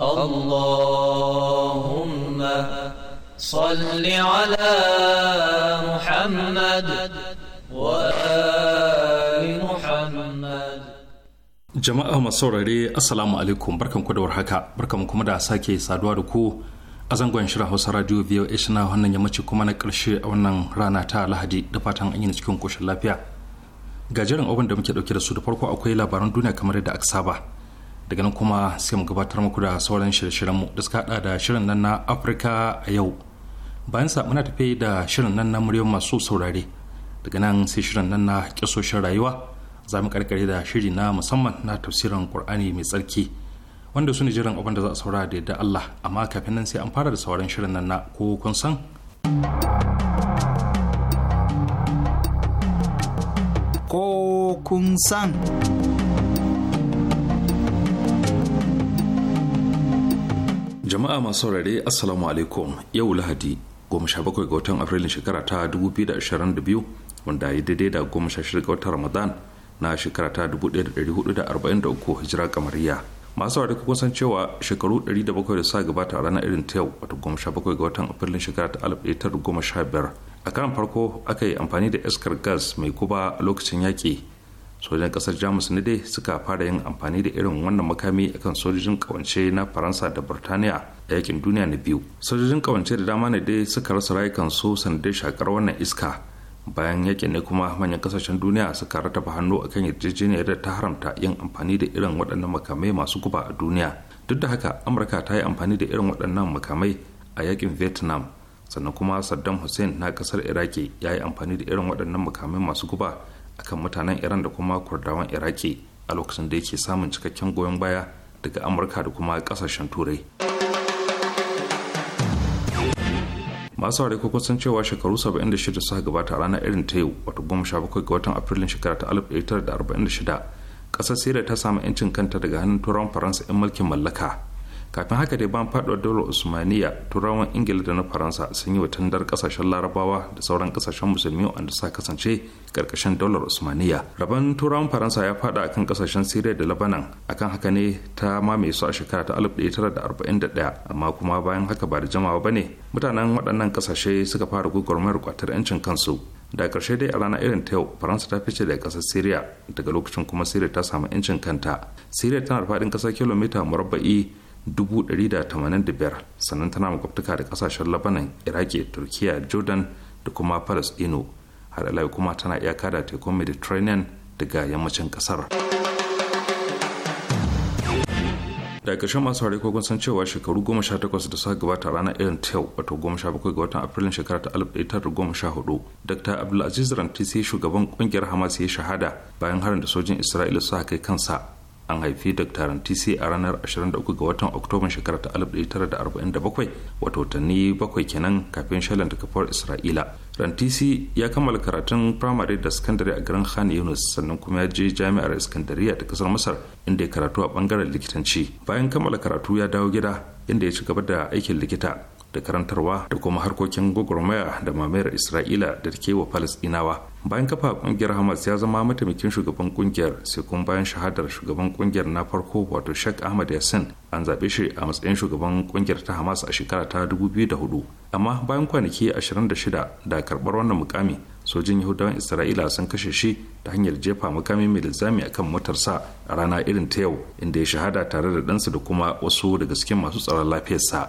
اللهم صل على محمد وآل محمد jama'a masu saurare السلام alaikum بركم ku ورحكا بركم barkan kuma da sake saduwa da ku a zangon shirin hausa radio voh na wannan yammaci kuma na karshe a wannan rana ta lahadi da fatan an yi cikin koshin lafiya gajeren abin da muke dauke da su da farko akwai labaran duniya kamar yadda aka saba daga nan kuma sai mu gabatar muku da sauran shirye mu da suka hada da shirin nan na afirka a yau bayan sa muna tafe da shirin nan na muryar masu saurare daga nan sai shirin nan na kisoshin rayuwa za mu karkare da shiri na musamman na tafsirin qur'ani mai tsarki wanda su ne jiran abin da za a saura da yadda allah amma kafin nan sai an fara da sauran shirin nan na ko kun san ko kun san jama'a masu saurare assalamu alaikum yau lahadi 17 ga watan afrilun shekara ta 2022 wanda ya daidai da 16 ga watan ramadan na shekara ta 1443 hijira kamariya masu saurare kun san cewa shekaru 700 da sa gabata a ranar irin ta yau wato 17 ga watan afrilun shekara ta 1915 a karan farko aka yi amfani da iskar gas mai kuba a lokacin yaƙi sojan kasar jamus ne dai suka fara yin amfani da irin wannan makami akan sojojin kawance na faransa da burtaniya a yakin duniya na biyu sojojin kawance da dama ne dai suka rasa rayukan su sanadai shakar wannan iska bayan yakin ne kuma manyan kasashen duniya suka rataba hannu akan yarjejeniyar da ta haramta yin amfani da irin waɗannan makamai masu guba a duniya duk da haka amurka ta yi amfani da irin waɗannan makamai a yakin vietnam sannan kuma saddam hussein na kasar iraki ya yi amfani da irin waɗannan makamai masu guba akan mutanen iran da kuma kurdawan iraki a lokacin da yake samun cikakken goyon baya daga amurka da kuma kasashen turai masu ko kusan cewa shekaru 76 suka gabata a ranar irin ta yau sha bakwai ga watan afrilun shekara ta 1946 ƙasar siriya ta samu 'yancin kanta daga hannun turawan faransa 'yan mulkin mallaka kafin haka dai ban faɗuwar daular usmaniya turawan ingila da na faransa sun yi wa dar kasashen larabawa da sauran kasashen musulmi wanda sa kasance karkashin daular usmaniya rabon turawan faransa ya faɗa akan kasashen siriya da labanan akan haka ne ta mamaye su a shekara ta 1941 amma kuma bayan haka ba da jamawa ba ne mutanen waɗannan kasashe suka fara gugurmayar kwatar 'yancin kansu da karshe dai a rana irin ta yau faransa ta fice daga kasar siriya daga lokacin kuma siriya ta samu 'yancin kanta siriya tana da faɗin kasar kilomita murabba'i biyar sannan tana makwabtaka da kasashen labanan iraki turkiya jordan da kuma ino har ila kuma tana iyaka da tekun mediterranean daga yammacin kasar da ƙarshen masu harai kogon san cewa shekaru 18 da suka gabata ranar irin ta yau wato 17 ga watan afrilun shekara ta 1914 dr abdulaziz rantisi shugaban kungiyar hamas ya shahada bayan harin da sojin isra'ila suka kai kansa an haifi dr rantisi a ranar 23 ga watan oktoban shekarar ta 1947 wato watanni bakwai kenan kafin shalin da kafar isra'ila rantisi ya kammala karatun firamare da sakandare a garin khan yunus sannan kuma ya je jami'ar iskandariya ta kasar masar inda ya karatu a bangaren likitanci bayan kammala karatu ya dawo gida inda ya ci gaba da aikin likita da karantarwa da kuma harkokin gwagwarmaya da mamayar isra'ila da take wa falasɗinawa bayan kafa kungiyar hamas ya zama mataimakin shugaban kungiyar sai kuma bayan shahadar shugaban kungiyar na farko wato sheikh ahmad yasin an zaɓe shi a matsayin shugaban kungiyar ta hamas a shekara ta 2004 amma bayan kwanaki 26 da karɓar wannan mukami sojin yahudawan isra'ila sun kashe shi ta hanyar jefa mukami mai lizami akan motarsa a rana irin ta yau inda ya shahada tare da ɗansa da kuma wasu daga cikin masu tsaron lafiyarsa.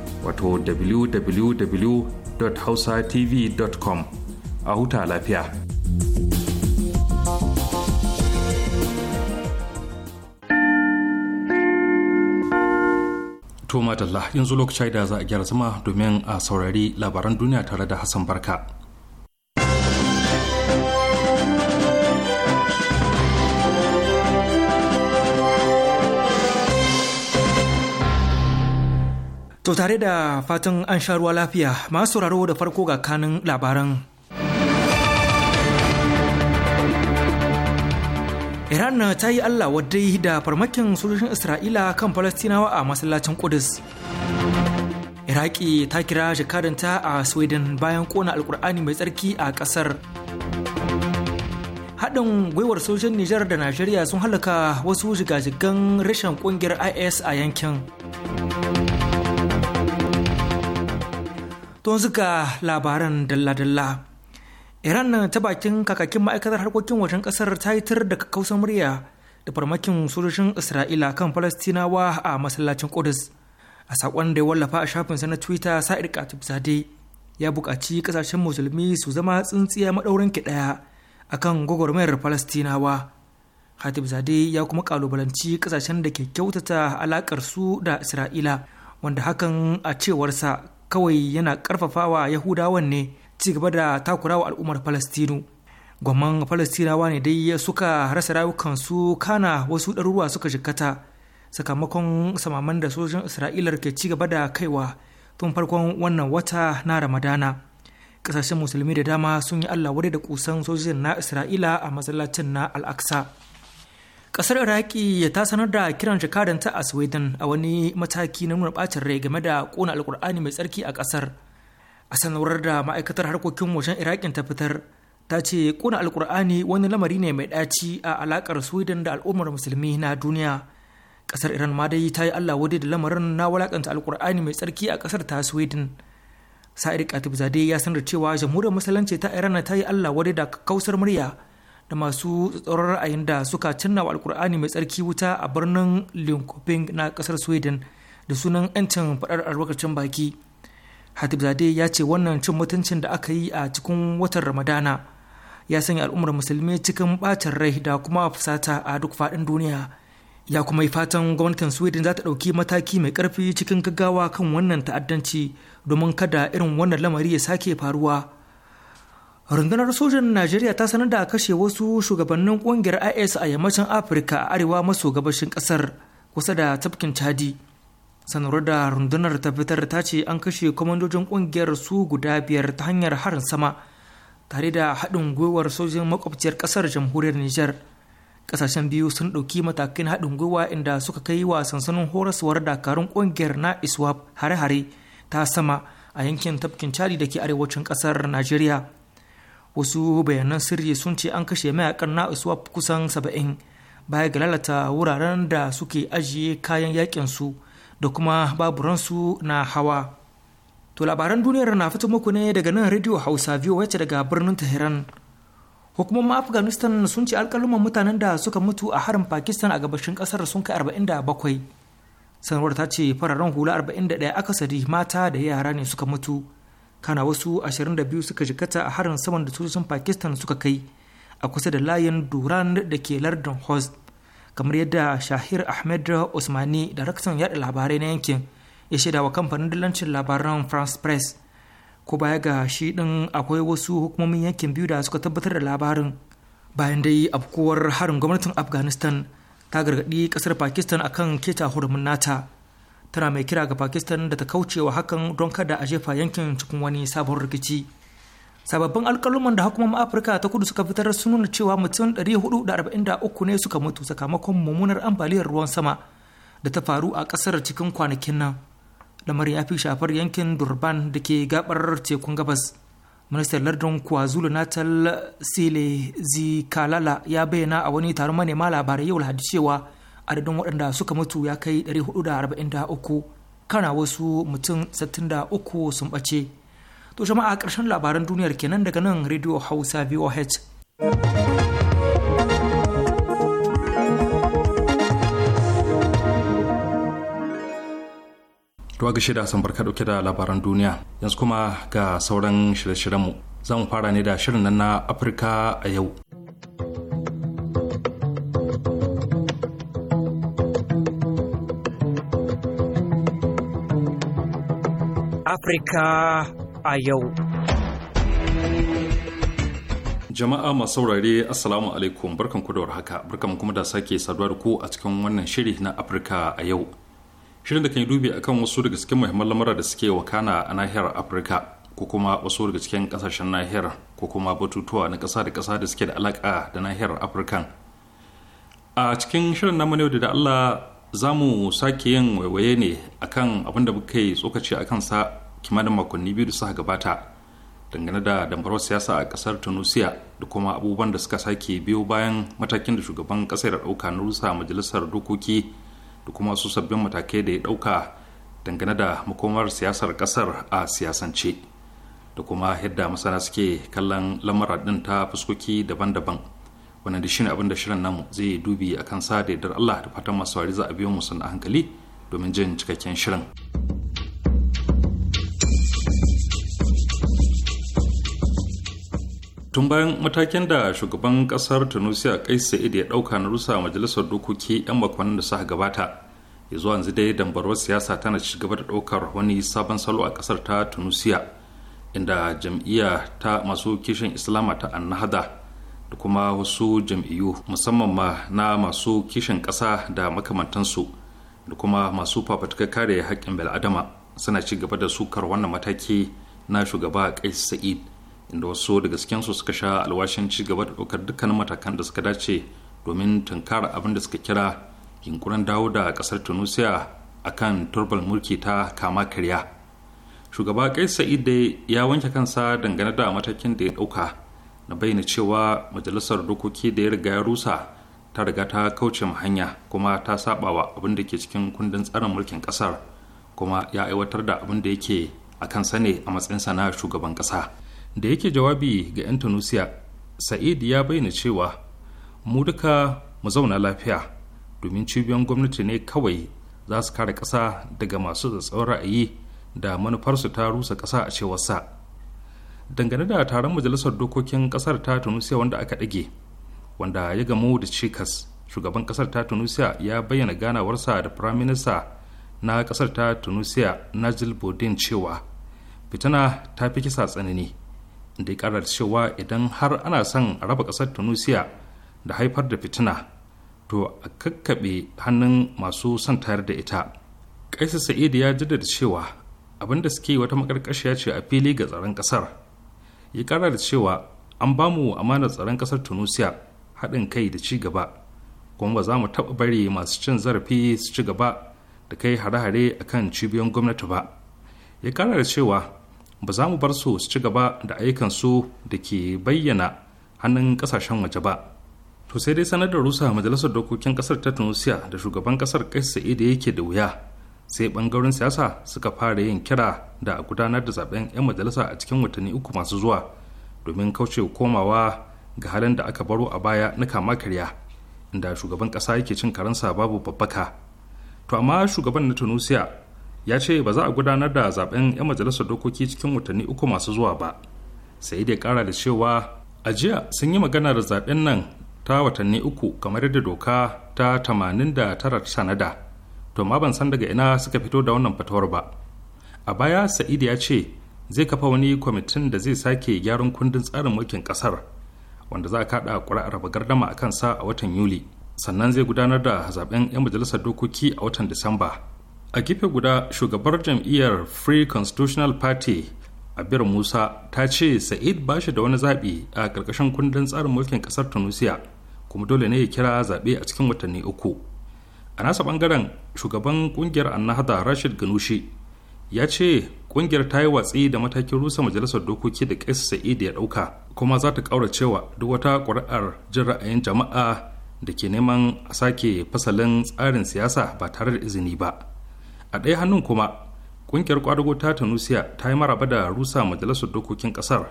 wato www.hausatv.com a huta lafiya. To madalla yanzu lokaci da za a gyara zama domin a saurari labaran duniya tare da Hassan Barka. To tare da fatan an sha ruwa lafiya masu sauraro da farko ga kanin labaran. Iran ta yi Allah wadai da farmakin sojojin Isra'ila kan Falastinawa a masallacin Kudus. Iraki ta kira jakadanta a Sweden bayan kona alkur'ani mai tsarki a ƙasar. haɗin gwiwar sojin Nijar da Najeriya sun halaka wasu jigajigan rashin ƙungiyar IS a yankin. Don suka labaran dalla-dalla. Iran ta bakin kakakin ma'aikatar harkokin wajen kasar ta yi tir da kausar murya da farmakin sojojin Isra'ila kan Falastinawa a masallacin Qudus. A saƙon da ya wallafa a shafin shafinsa na Twitter Sa'id Katib Zade ya buƙaci ƙasashen musulmi su zama tsintsiya maɗaurin ki ɗaya akan gwagwarmayar Falastinawa. Katib Zade ya kuma ƙalubalanci ƙasashen da ke kyautata alaƙar su da Isra'ila wanda hakan a cewarsa kawai yana karfafawa yahudawan ne ci gaba da takurawa al'ummar falastinu gwamman falastinawa ne dai suka rasa rayukansu kana wasu ɗaruruwa suka jikkata sakamakon samaman da sojin isra'ilar ke ci gaba da kaiwa tun farkon wannan wata na ramadana ƙasashen musulmi da dama sun yi allah wadai da kusan sojin na isra'ila a masallacin na al'aqsa kasar iraki ta sanar da kiran jakadanta a sweden a wani mataki na nuna bacin rai game da kona alkur'ani mai tsarki a kasar a sanarwar da ma'aikatar harkokin wajen irakin ta fitar ta ce kona alkur'ani wani lamari ne mai daci a alakar sweden da al'ummar musulmi na duniya kasar iran ma dai ta yi allah wadai da lamarin na walakanta alkur'ani mai tsarki a kasar ta sweden Katib zade ya sanar cewa jamhuriyar musulunci ta iran ta yi allah wadai da kausar murya da masu tsoron ra'ayin da suka cinna wa alkur'ani mai tsarki wuta a birnin linkoping na kasar sweden da sunan 'yancin faɗar albarkacin baki Zade ya ce wannan cin mutuncin da aka yi a cikin watan ramadana ya sanya al'ummar musulmi cikin bacin rai da kuma fusata a duk faɗin duniya ya kuma yi fatan gwamnatin sweden za ta ɗauki mataki mai ƙarfi cikin gaggawa kan wannan ta'addanci domin kada irin wannan lamari ya sake faruwa rundunar sojan najeriya ta sanar da kashe wasu shugabannin kungiyar is a yammacin afirka a arewa maso gabashin kasar kusa da tafkin chadi sanarwar da rundunar ta fitar ta ce an kashe kwamandojin kungiyar su guda biyar ta hanyar harin sama tare da haɗin gwiwar sojin makwabciyar kasar jamhuriyar niger kasashen biyu sun ɗauki matakin haɗin gwiwa inda suka kai wa sansanin horaswar dakarun kungiyar na iswap hare-hare ta sama a yankin tafkin chadi da ke arewacin kasar najeriya wasu bayanan sirri sun ce an kashe mayakan na isuwa kusan saba'in baya ga lalata wuraren da suke ajiye kayan yakin da kuma baburansu na hawa to labaran duniyar na fito muku ne daga nan radio hausa biyu wacce daga birnin tehran hukumar afghanistan sun ce alkaluman mutanen da suka mutu a harin pakistan a gabashin kasar sun kai 47 sanarwar ta ce fararen hula 41 akasari mata da yara ne suka mutu kana wasu 22 suka jikata a harin saman da sojojin pakistan suka kai a kusa da layin duran da ke lardin host kamar yadda shahir ahmed usmani daraktan yada labarai na yankin ya shaida wa kamfanin dillancin labaran france press ko baya ga shi din akwai wasu hukumomin yankin biyu da suka tabbatar da labarin bayan dai afkuwar harin gwamnatin afghanistan ta gargaɗi kasar pakistan akan keta hurumin nata tana mai kira ga pakistan da ta kaucewa hakan don kada a jefa yankin cikin wani sabon rikici sababbin alkaluman da hukumomin afirka ta kudu suka fitar sun nuna cewa mutum 443 ne suka mutu sakamakon mummunar ambaliyar ruwan sama da ta faru a kasar cikin kwanakin nan lamarin ya fi shafar yankin durban da ke gabar tekun gabas ministan lardin kwazulu natal sile zikalala ya bayyana a wani taron manema labarai yau lahadi cewa adadin waɗanda suka mutu ya kai 443 kana wasu mutum 63 sun ɓace to jama'a ƙarshen labaran duniyar kenan daga nan radio hausa voh Tuwa ga shida sun barka dauke da labaran duniya yanzu kuma ga sauran shirye-shiryenmu zan fara ne da shirin nan na afirka a yau. Afirka a yau. Jama'a masu saurare Assalamu alaikum barkan kudawar haka, warhaka barkan kuma da sake saduwa da ku a cikin wannan shiri na Afirka a yau. Shirin da kan yi dubi akan wasu daga cikin muhimman lamura da suke wakana a nahiyar Afirka ko kuma wasu daga cikin kasashen nahiyar ko kuma batutuwa na ƙasa da ƙasa da suke da alaƙa da nahiyar Afirkan. A cikin shirin namu yau da Allah za mu sake yin waiwaye ne akan abin da muka yi tsokaci akan sa kimanin makonni biyu da suka gabata dangane da dambarwar siyasa a kasar tunisia da kuma abubuwan da suka sake biyo bayan matakin da shugaban kasar ya dauka na rusa majalisar dokoki da kuma su sabbin matakai da ya dauka dangane da makomar siyasar kasar a siyasance da kuma yadda masana suke kallon lamura din ta fuskoki daban-daban wannan da shine abin da shirin namu zai dubi a kan sa da yardar Allah da fatan masu za a biyo mu sun hankali domin jin cikakken shirin. tun bayan matakin da shugaban kasar tunisia kais sa'id ya dauka na rusa majalisar dokoki 'yan makonnin da suka gabata ya zuwa yanzu dai dambarwar siyasa tana ci gaba da daukar wani sabon salo a kasar ta tunisia inda jam'iyya ta masu kishin islama ta annahada da kuma wasu jam'iyyu musamman ma na masu kishin kasa da makamantansu da kuma masu fafatukar kare haƙƙin bil'adama suna ci gaba da sukar wannan mataki na shugaba kais sa'id inda wasu da daga su suka sha alwashin ci gaba da ɗaukar dukkanin matakan da suka dace domin tunkara abin da suka kira yunkurin dawo da ƙasar tunisia akan turbal mulki ta kama karya shugaba kai sa'id dai ya wanke kansa dangane da matakin da ya ɗauka na bayyana cewa majalisar dokoki da ya riga ya rusa ta riga ta kauce hanya kuma ta sabawa abin da ke cikin kundin tsarin mulkin ƙasar kuma ya aiwatar da abin da yake a kansa ne a matsayin na shugaban ƙasa da yake jawabi ga 'yan tunisia sa'id ya bayyana cewa mu duka mu zauna lafiya domin cibiyar gwamnati ne kawai za su kare ƙasa daga masu tsatsauran ra'ayi da manufarsu ta rusa ƙasa a cewarsa dangane da taron majalisar dokokin ƙasar ta tunisia wanda aka ɗage wanda ya gamu da cikas shugaban ƙasar ta tunisia ya bayyana ganawarsa da firaminista na ƙasar ta tunisia najil bodin cewa fitina ta fi kisa tsanani da ya cewa idan har ana son a raba ƙasar tunisia da haifar da fitina to a kakkaɓe hannun masu son tayar da ita kaisa sa'idu ya jaddada cewa abin da suke wata makarkashiya ce a fili ga tsaron ƙasar ya kara da cewa an ba mu amanar tsaron ƙasar tunisia haɗin kai da ci gaba kuma ba za mu taɓa bari masu cin zarafi su ci gaba da kai hare-hare akan cibiyoyin gwamnati ba ya kara da cewa ba za mu bar su su ci gaba da ayyukansu da ke bayyana hannun kasashen waje ba to sai dai sanar da rusa majalisar dokokin kasar ta tunisia da shugaban kasar kaisa da yake da wuya sai bangaren siyasa suka fara yin kira da a gudanar da zaben 'yan majalisa a cikin watanni uku masu zuwa domin kauce komawa ga halin da aka baro a baya na kama karya inda shugaban kasa yake cin karansa babu babbaka to amma shugaban na tunisia ya ce ba za a gudanar da zaben 'yan majalisar dokoki cikin watanni uku masu zuwa ba sai dai kara da cewa a jiya sun yi magana da zaben nan ta watanni uku kamar yadda doka ta 89 ta sanada to ma ban san daga ina suka fito da wannan fatawar ba a baya sa'id ya ce zai kafa wani kwamitin da zai sake gyaran kundin tsarin mulkin kasar wanda za a kada kuri'ar gardama a kansa a watan yuli sannan zai gudanar da zaben 'yan majalisar dokoki a watan disamba a gefe guda shugabar jam'iyyar free constitutional party abir musa ta ce sa'id ba shi da wani zaɓi a ƙarƙashin kundin tsarin mulkin ƙasar tunisia kuma dole ne ya kira zaɓe a cikin watanni uku a nasa ɓangaren shugaban ƙungiyar annahda rashid ganushi ya ce ƙungiyar ta yi watsi da matakin rusa majalisar dokoki da ƙasa sa'id ya ɗauka kuma za ta cewa duk wata ƙuri'ar jin ra'ayin jama'a da ke neman a sake fasalin tsarin siyasa ba tare da izini ba a ɗaya hannun kuma ƙungiyar kwadago ta tunisia ta yi maraba da rusa majalisar dokokin ƙasar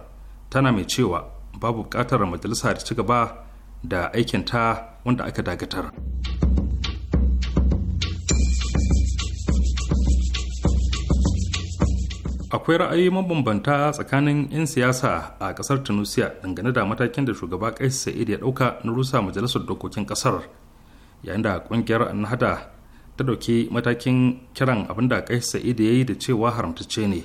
tana mai cewa babu buƙatar majalisa da ci gaba da aikin ta wanda aka dagatar. akwai ra'ayi mabambanta tsakanin 'yan siyasa a ƙasar tunisia dangane da matakin da shugaba kais sa'id ya ɗauka na rusa majalisar dokokin ƙasar yayin da an hada. ta ɗauki matakin kiran abin da kai sa'idu ya yi da cewa haramtacce ne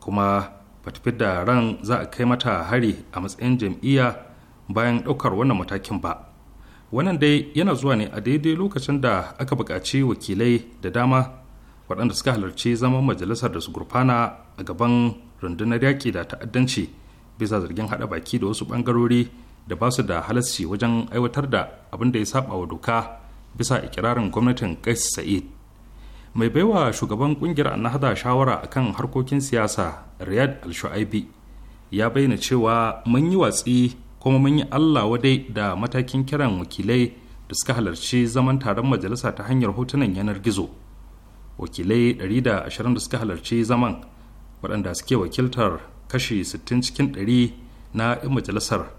kuma ba ta da ran za a kai mata hari a matsayin jam'iyya bayan ɗaukar wannan matakin ba wannan dai yana zuwa ne a daidai lokacin da aka buƙaci wakilai da dama waɗanda suka halarci zaman majalisar da su gurfana a gaban rundunar yaƙi da ta'addanci bisa zargin haɗa baki da wasu ɓangarori da ba su da halasci wajen aiwatar da abin da ya saɓa wa doka bisa ikirarin gwamnatin qais sa'id mai baiwa shugaban kungiyar annahda shawara akan harkokin siyasa riyad al-shu'aibi ya bayyana cewa mun yi watsi kuma mun yi allah wadai da matakin kiran wakilai da suka halarci zaman taron majalisa ta hanyar hotunan yanar gizo wakilai 120 da suka halarci zaman waɗanda suke wakiltar kashi 60 cikin 100 na 'yan majalisar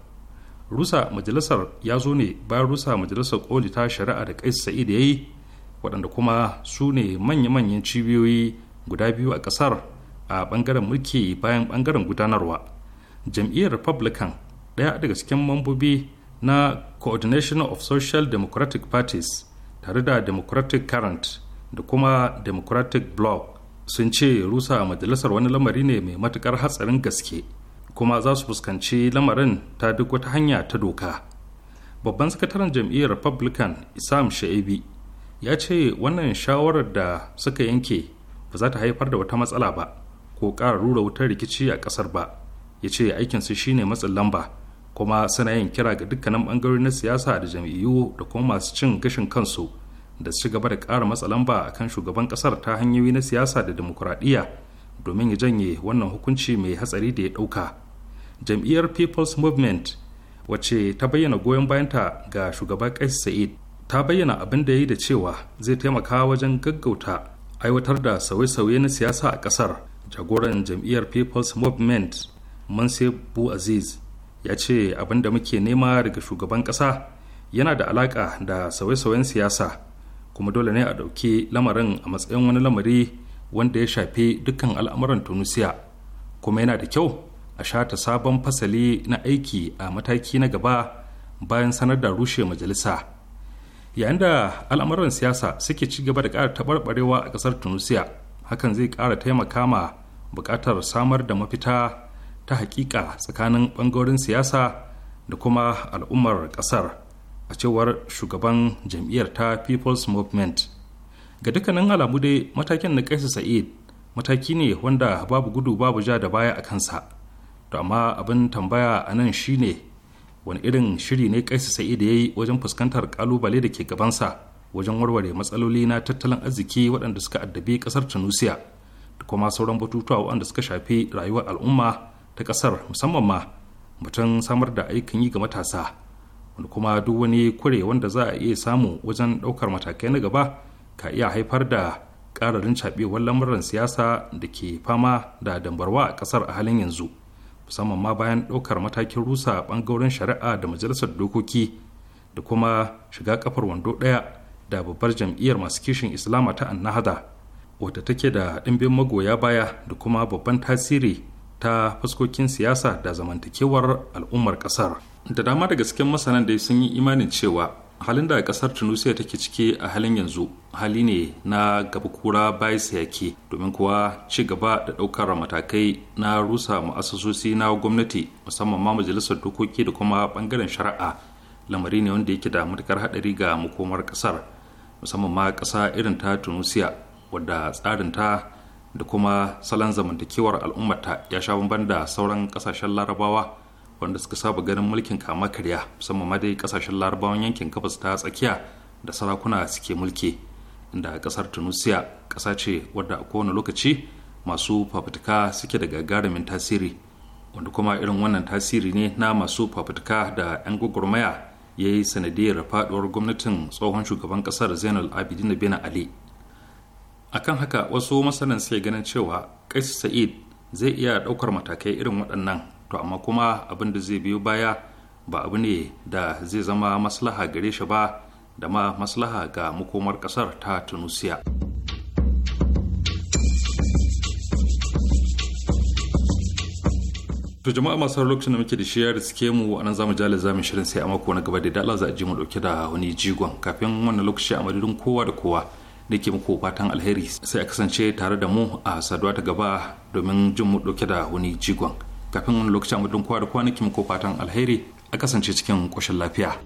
rusa majalisar ya zo ne bayan rusa majalisar koli ta shari'a da kais sa'id ya yi waɗanda kuma su ne manya-manyan cibiyoyi guda biyu a ƙasar a ɓangaren mulki bayan ɓangaren gudanarwa jam'iyyar republican ɗaya daga cikin mambobi na coordination of social democratic parties tare da democratic current da kuma democratic bloc sun ce rusa majalisar wani lamari ne mai matukar hatsarin gaske kuma za su fuskanci lamarin ta duk wata hanya ta doka babban sakataren jam'iyyar republican isam sha'ibi ya ce wannan shawarar da suka yanke ba za ta haifar da wata matsala ba ko ƙara rura wutar rikici a ƙasar ba ya ce aikinsu shine matsin lamba kuma suna yin kira ga dukkanin bangarori na siyasa da jam'iyyu da kuma masu cin gashin kansu da su gaba da ƙara matsa lamba akan shugaban ƙasar ta hanyoyi na siyasa da dimokuraɗiyya domin ya janye wannan hukunci mai hatsari da ya ɗauka jam'iyyar people's movement wacce ta bayyana goyon bayanta ga shugaba kais sa'id ta bayyana abin da ya yi da cewa zai taimaka wajen gaggauta aiwatar da sauye-sauye na siyasa a ƙasar jagoran jam'iyyar people's movement manse bu aziz ya ce abin da muke nema daga shugaban ƙasa yana da alaƙa da sauye-sauyen siyasa kuma dole ne a ɗauki lamarin a matsayin wani lamari wanda ya shafi dukkan al'amuran tunisia kuma yana da kyau a shata sabon fasali na aiki a mataki na gaba bayan sanar da rushe majalisa yayin da al'amuran siyasa suke ci gaba da ƙara taɓarɓarewa a ƙasar tunisia hakan zai ƙara taimaka ma buƙatar samar da mafita ta haƙiƙa tsakanin ɓangarorin siyasa da kuma al'ummar ƙasar a cewar shugaban jam'iyyar ta people's movement ga dukkanin alamu dai matakin na kaisa sa'id mataki ne wanda babu gudu babu ja da baya a kansa to amma abin tambaya a nan shine wani irin shiri ne kaisa sa'id ya yi wajen fuskantar kalubale da ke gabansa wajen warware matsaloli na tattalin arziki waɗanda suka addabi ƙasar tunisia da kuma sauran batutuwa waɗanda suka shafi rayuwar al'umma ta ƙasar musamman ma batun samar da aikin yi ga matasa wanda kuma duk wani kure wanda za a iya samu wajen ɗaukar matakai na gaba ka iya haifar da ƙararin caɓewar lamuran siyasa da ke fama da dambarwa a ƙasar a halin yanzu musamman ma bayan ɗaukar matakin rusa ɓangaren shari'a da majalisar dokoki da kuma shiga kafar wando ɗaya da babbar jam'iyyar masu kishin islama ta annahada wata take da ɗimbin magoya baya da kuma babban tasiri ta fuskokin siyasa da zamantakewar al'ummar ƙasar da dama da gasken masanan da sun yi imanin cewa halin da kasar tunisia take ciki a halin yanzu hali ne na gaba kura bai yake domin kuwa ci gaba da ɗaukar matakai na rusa ma'asasosi na gwamnati musamman ma majalisar dokoki da kuma bangaren shari'a lamari ne wanda yake da matukar haɗari ga makomar kasar musamman ma ƙasa irin ta tunisia wadda ta da kuma salon zamantakewar al'ummata ya sha bamban da sauran ƙasashen larabawa wanda suka saba ganin mulkin kama karya musamman ma dai kasashen larabawan yankin gabas ta tsakiya da sarakuna suke mulki inda kasar tunisia kasa ce wadda a kowane lokaci masu fafutuka suke da gagarumin tasiri wanda kuma irin wannan tasiri ne na masu fafutuka da 'yan gwagwarmaya ya yi sanadiyar faduwar gwamnatin tsohon shugaban kasar zainal abidin bin ali akan haka wasu masanan suke ganin cewa kais sa'id zai iya ɗaukar matakai irin waɗannan to amma kuma abin da zai biyo baya ba abu ne da zai zama maslaha gare shi ba da ma maslaha ga makomar kasar ta tunisia to jama'a masu har lokacin da muke da shiyar suke mu a nan zamu jale zamu shirin sai a mako na gaba da dala za a ji mu dauke da wani jigon kafin wannan lokaci a madadin kowa da kowa da ke muku fatan alheri sai a kasance tare da mu a saduwa ta gaba domin jin mu dauke da wani jigon kafin wani lokacin mutum kowa da kwanakin ko fatan alheri a kasance cikin ƙoshin lafiya.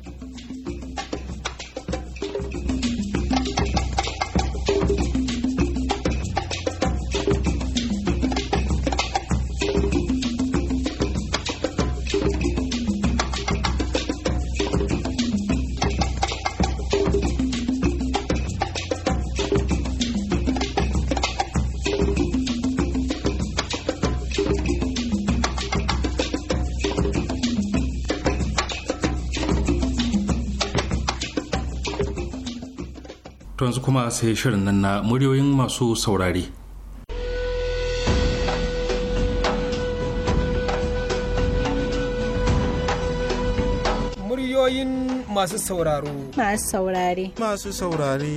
To yanzu kuma sai shirin nan na muryoyin masu saurari. Muryoyin masu sauraro. Masu saurare. Masu saurare.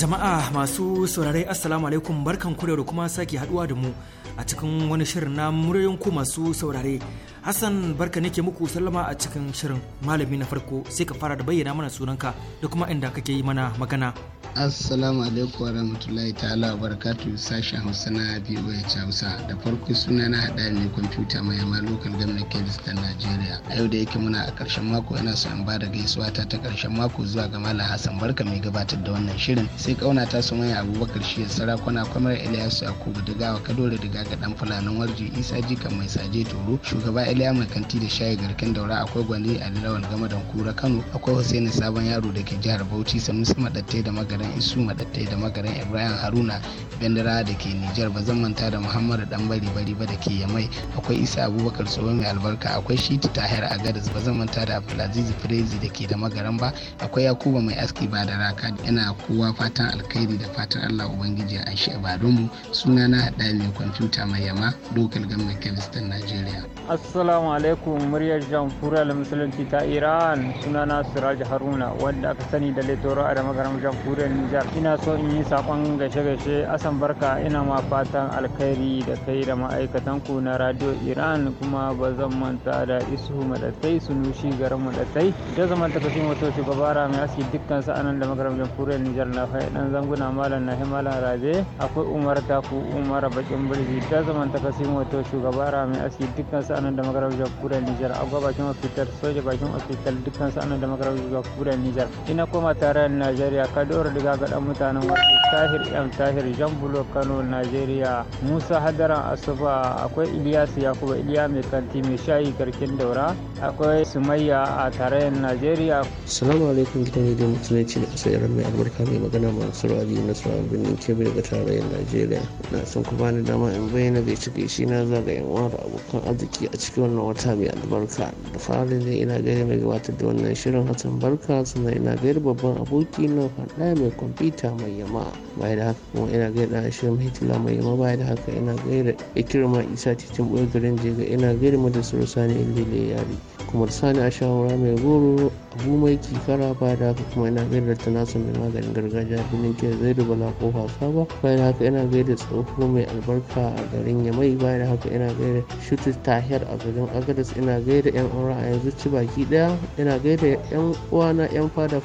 Jama'a masu saurare Assalamu alaikum barkan kurewa kuma sake haduwa da mu a cikin wani shirin na muryoyin ku masu saurare. Hassan barka nake muku sallama a cikin shirin malami na farko sai ka fara da bayyana mana sunanka da kuma inda kake yi mana magana. assalamu alaikum wa rahmatullahi ta'ala wa barakatu sashen hausa na voh hausa da farko suna na hada mai kwamfuta mai yamma lokal gwamnan kebis ta najeriya a yau da yake muna a ƙarshen mako yana so in bada gaisuwa ta ta ƙarshen mako zuwa ga malam hassan barka mai gabatar da wannan shirin sai kauna ta su mai abubakar shi ya sarakuna kwamar ilyasu yakubu digawa kadore diga ga dan fulanin warji isa jika mai saje toro shugaba iliya mai kanti da shayi garken daura akwai gwani a lawal gama da kura kano akwai hussaini sabon yaro da ke jihar bauchi sanusi sama da magana magaran isu madattai da magaran ibrahim haruna bendera da ke nijar ba zan manta da muhammadu dan bari bari ba da ke yamai akwai isa abubakar tsoho mai albarka akwai shiti tahir agadas ba zan manta da abdulaziz firezi da ke da magaran ba akwai yakuba mai aski ba da raka yana kowa fatan alkhairi da fatan allah ubangiji a shi mu suna na haɗa mai kwamfuta mai yama lokal gamar kevistan najeriya assalamu alaikum muryar jamhuriyar musulunci ta iran suna na siraj haruna wanda aka sani da letoro a da magaran jamhuriyar Nijar. Ina so in yi saƙon gaishe-gaishe asan barka ina ma fatan alkhairi da kai da ma'aikatanku na Radio Iran kuma ba zan manta da isu madatai sunushi garin madatai. Da zaman ta kashin wato shugabara mai aski dukkan sa'anan da magaram jamhuriyar Nijar na faɗi ɗan zanguna malam na himala rabe akwai umar ta ku umar bakin birji da zaman ta kashin wato shugabara mai aski dukkan sa'anan da magaram jamhuriyar Nijar agwa bakin hospital soja bakin hospital dukkan sa'anan da magaram jamhuriyar Nijar. Ina koma tare da Najeriya ka dora daga gagaɗan mutanen wasu tahir m tahir bulo kano nigeria musa hadaran asuba akwai ilyasu yakuba iliya mai kanti mai shayi garkin daura akwai sumayya a tarayyar nigeria salamu alaikum gidan rediyo musulunci da kasar yaran mai albarka mai magana masu rari na tsoron birnin kebe daga tarayyar nigeria na sun ku bani dama in bayyana bai cika shi na zaga yan uwa da abokan arziki a cikin wannan wata mai albarka da fara ne ina gaida mai gabatar da wannan shirin hassan barka sannan ina gaida babban aboki na faɗa mai mai kwamfuta mai yama baya da haka kuma ina gaida da ashirin hitila mai yama baya da haka ina gaida ikirma isa titin ɓoye garin jega ina gaida mata sani ya yari kuma sani a shawara mai goro abu mai kikara ba da haka kuma ina gaida ta nasa mai maganin gargajiya birnin ke zai da bala ko hasa ba bayan haka ina gaida tsoho mai albarka a garin ya mai bayan haka ina gaida shutu tahir a garin agadas ina gaida yan aura a yanzu ci baki daya ina gaida yan uwana yan fada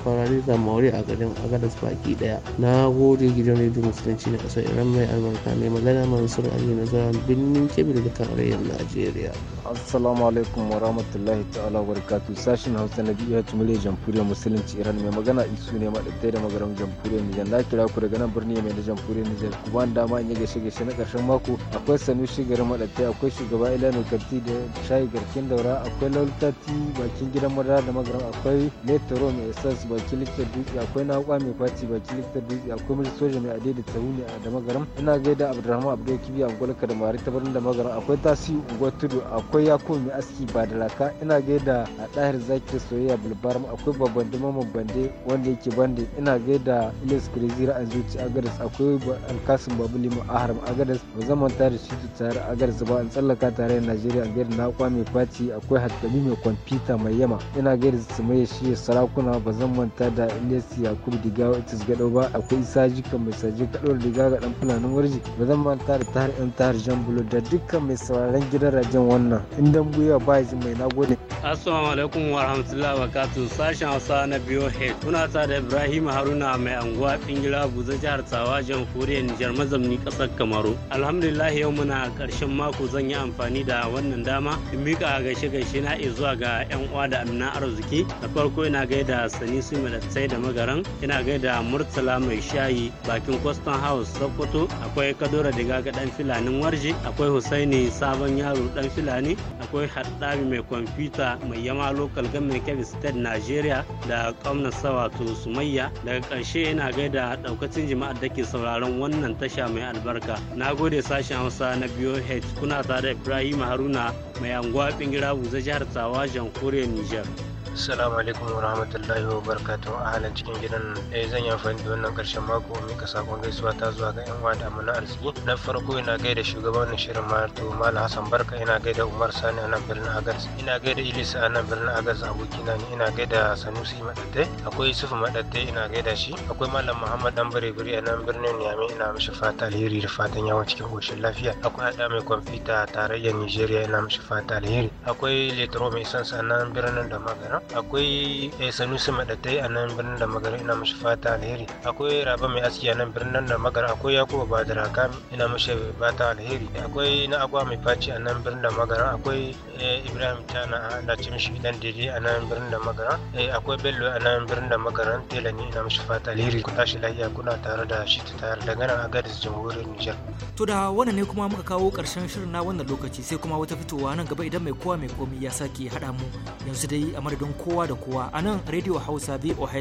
da maure a garin agadas baki daya na gode gidan rediyo musulunci na kasar iran mai albarka mai magana mansur ali na zuwa birnin kebbi da kan arayyar najeriya assalamu alaikum wa rahmatullahi ta'ala wa barakatuh sashen hausa na biyu hatu murya jamhuriyar musulunci iran mai magana isu ne maɗaɗai da magaram jamhuriyar nijar na kira ku daga nan birni mai na jamhuriyar nijar ku ba dama in yi gaishe gaishe na ƙarshen mako akwai sanusi garin maɗaɗai akwai shugaba ilanu kanti da shayi garkin daura akwai lalutati bakin gidan madara da magaram akwai letoro mai essence bakin likitar dutse akwai nakwa mai fati bakin likitar dutse akwai mai soja mai ade da tahuni da magaram ina gaida abdurrahman abdul kibiya angolka da mari ta birnin da magaram akwai tasi unguwar tudu akwai akwai ko mai aski ba da laka ina gaida a ɗahir zaki soyayya bulbar akwai babban dimaman bande wanda yake bande ina gaida ilis krizir a zuci agadas akwai alkasim babuli mu aharam agadas ba zaman tare shi tare agadas ba an tsallaka tare da najeriya an gaida na kwame fati akwai hatsami mai kwamfuta mai yama ina gaida sumayya shi ya sarakuna ba zan manta da ilis yakubu digawa itis gado ba akwai isa jika mai saje ɗora diga ga ɗan fulanin warji ba zan manta da tahar ɗan tahar jan bulo da dukkan mai sauraron gidan rajin wannan in dan gwiwa ba ji mai gode. assalamu alaikum wa rahmatullahi wa katu sashen hausa na biyo head Muna ta da ibrahim haruna mai anguwa bingila buza jihar tsawa jamhuriyar nijar mazamni kasar kamaru alhamdulillah yau muna karshen mako zan yi amfani da wannan dama in mika gaishe gaishe na zuwa ga yan uwa da amina arziki da farko ina gaida sani su mai da magaran ina gaida murtala mai shayi bakin kwastan haus, sokoto akwai kadora diga ga dan filanin warje akwai husaini sabon yaro dan filani ne akwai haɗari mai kwamfuta mai yama local government Kebbi State Nigeria da sawa wato Sumayya daga ƙarshe yana gaida ɗaukacin jama'ar da ke sauraron wannan tasha mai albarka. Na gode sashen Hausa na BOH kuna tare da Ibrahim Haruna mai anguwa bingira buza jihar Tsawa jamhuriyar niger Assalamu alaikum wa rahmatullahi wa barakatuhu a halin cikin gidan da eh, zan yi amfani da wannan karshen mako ka sakon gaisuwa ta zuwa ga yan uwa da na arziki na farko ina gaida shugaban shirin mato Hassan Barka ina gaida Umar Sani a nan birnin Agas ina gaida Ilisa a nan birnin Agas abokina ne ina gaida Sanusi Madaddai akwai Yusuf Madaddai ina gaida shi akwai malam Muhammad Dan Bare a nan birnin Niyame ina mishi fata alheri da fatan yawon cikin koshin lafiya akwai haɗa mai kwamfuta tarayyar Nigeria ina mishi fata alheri akwai Letro mai sansa a nan birnin da akwai eh, sanusi madatai a nan birnin da magana ina mashi fata alheri akwai raba mai aski a nan birnin da magana akwai badara badaraka ina mashi fata alheri akwai na agwa mai faci a nan birnin da magana akwai eh, ibrahim tana a ce mashi dan dede a nan birnin da magana eh, akwai bello a nan birnin da magana tela ne ina mashi fata alheri ku tashi lafiya kuna tare da shi ta tare da ganin agadis jamhuriyar nijar to da wannan ne kuma muka kawo karshen shirin na wannan lokaci sai kuma wata fitowa nan gaba idan mai kowa mai komi ya sake haɗa mu yanzu dai a madadin kowa da kowa a nan Radio Hausa VOH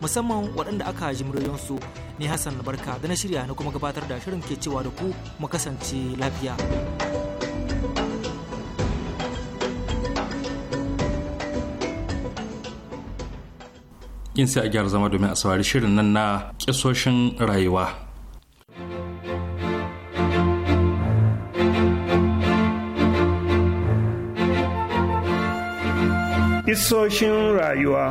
musamman waɗanda aka ji muryoyinsu ni Hassan Barka da na shirya na kuma gabatar da shirin ke cewa da ku mu kasance lafiya. Yin sai a gyara zama domin a saurari shirin nan na kisoshin rayuwa. Isoshin rayuwa.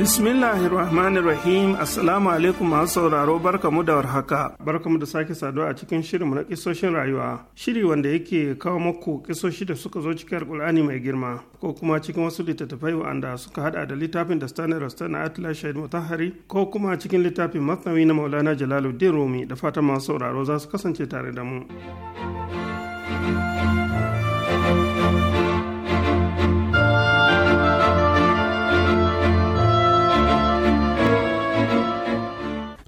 Bismillahirrahmanirrahim Assalamu alaikum masu sauraro barkamu da warhaka. mu da sake saduwa a cikin shirinmu na kisoshin rayuwa. Shiri wanda yake kawo muku kisoshi da suka zo cikin Alƙur'ani mai girma ko kuma cikin wasu littattafai wanda suka hada da littafin da Stanley na Atlas Shahid Mutahari ko kuma cikin littafin matsawi na Maulana Jalaluddin Rumi da fatan masu sauraro za su kasance tare da mu.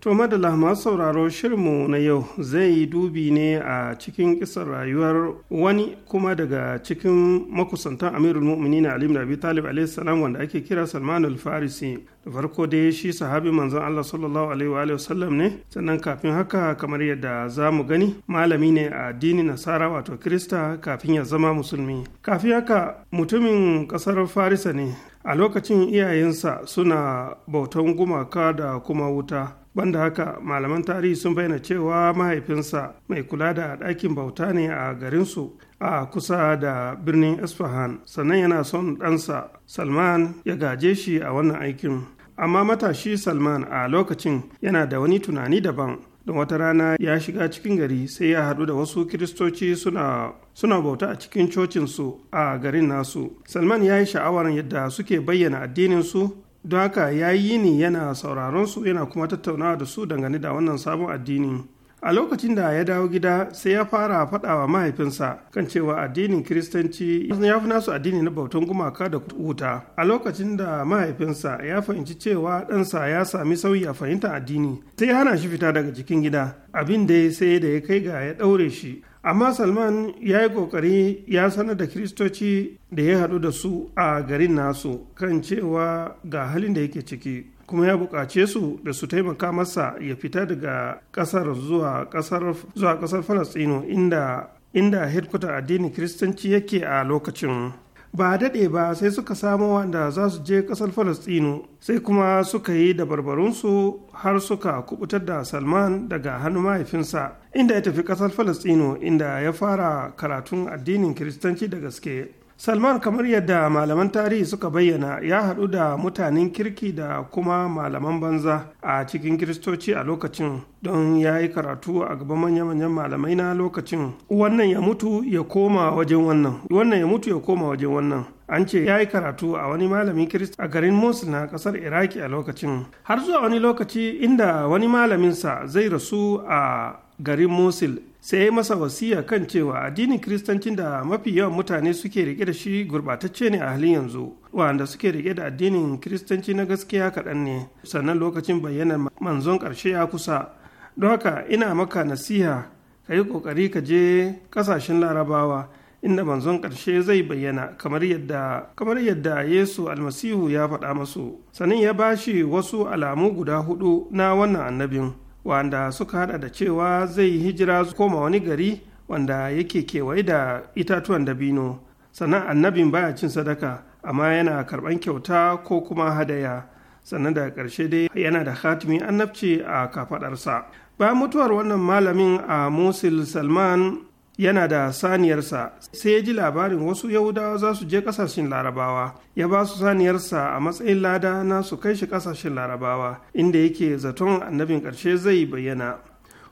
To madala masu sauraro shirinmu na yau zai yi dubi ne a cikin kisan rayuwar wani kuma daga cikin makusantan Amirul Mu'minin Ali ibn Abi Talib salam wanda ake kira Salman al-Farisi. Da farko dai shi sahabi manzon Allah sallallahu alaihi wa sallam ne, sannan kafin haka kamar yadda za mu gani malami ne a addinin Nasara wato Kirista kafin ya zama musulmi. Kafin haka mutumin kasar Farisa ne. A lokacin iyayensa suna bautan gumaka da kuma wuta. banda haka malaman tarihi sun bayyana cewa mahaifinsa mai kula da ɗakin bauta ne a garinsu a kusa da birnin isfahan sannan yana son ɗansa salman ya gaje shi a wannan aikin amma matashi salman a lokacin yana da wani tunani daban don wata rana ya shiga cikin gari sai ya haɗu da wasu kiristoci suna suna bauta a cikin cocinsu a garin nasu salman ya yi sha'awar yadda suke bayyana addininsu don haka ya yi ne yana sauraron su yana kuma tattaunawa da su dangane da wannan sabon addini a lokacin da ya dawo gida sai ya fara faɗa wa mahaifinsa kan cewa addinin kiristanci ya fi nasu addini na bautan gumaka da wuta a lokacin da mahaifinsa ya fahimci cewa ɗansa ya sami sauyi a fahimtar addini sai ya hana shi fita daga cikin gida abin da sai da ya kai ga ya ɗaure shi amma salman ya yi kokari ya sanar da kiristoci da ya haɗu da su a garin nasu kan cewa ga halin da yake ciki kuma ya buƙace su da su taimaka masa ya fita daga ƙasar zuwa ƙasar falastino inda inda headquarter addinin kiristanci yake a lokacin ba a daɗe ba sai suka samo wanda za su je ƙasar falastinu sai kuma suka yi da barbarunsu har suka kubutar da salman daga hannun mahaifinsa inda ya tafi ƙasar falastinu inda ya fara karatun addinin kiristanci da gaske salman kamar yadda malaman tarihi suka bayyana ya haɗu da mutanen kirki da kuma malaman banza a cikin kiristoci a lokacin don ya yi karatu a gaban manya-manyan malamai na lokacin wannan ya mutu ya koma wajen wannan wannan ya mutu ya koma wajen wannan an ce ya yi karatu a wani malamin kirista a garin mosul na kasar iraki a lokacin har zuwa wani lokaci inda wani malaminsa zai rasu a garin mosul sai ya masa wasiya kan cewa addinin kiristancin da mafi yawan mutane suke rike da shi gurɓatacce ne a halin yanzu wanda suke rike da addinin kiristanci na gaskiya kaɗan ne sannan lokacin bayyana manzon ƙarshe ya kusa don haka ina maka nasiha ka yi ƙoƙari ka je ƙasashen larabawa inda manzon ƙarshe zai bayyana kamar yadda kamar yadda yesu almasihu ya faɗa masu sannan ya bashi wasu alamu guda hudu na wannan annabin wanda suka hada da cewa zai hijira su koma wani gari wanda yake kewaye da itatuwan dabino sannan annabin baya cin sadaka amma yana karban kyauta ko kuma hadaya sannan da ƙarshe dai yana da hatimin annabci a kafadarsa bayan mutuwar wannan malamin a musil salman yana da saniyarsa sai ya ji labarin wasu yahudawa za su je kasashen larabawa ya ba su saniyarsa a matsayin lada na su kai shi kasashen larabawa inda yake zaton annabin ƙarshe zai bayyana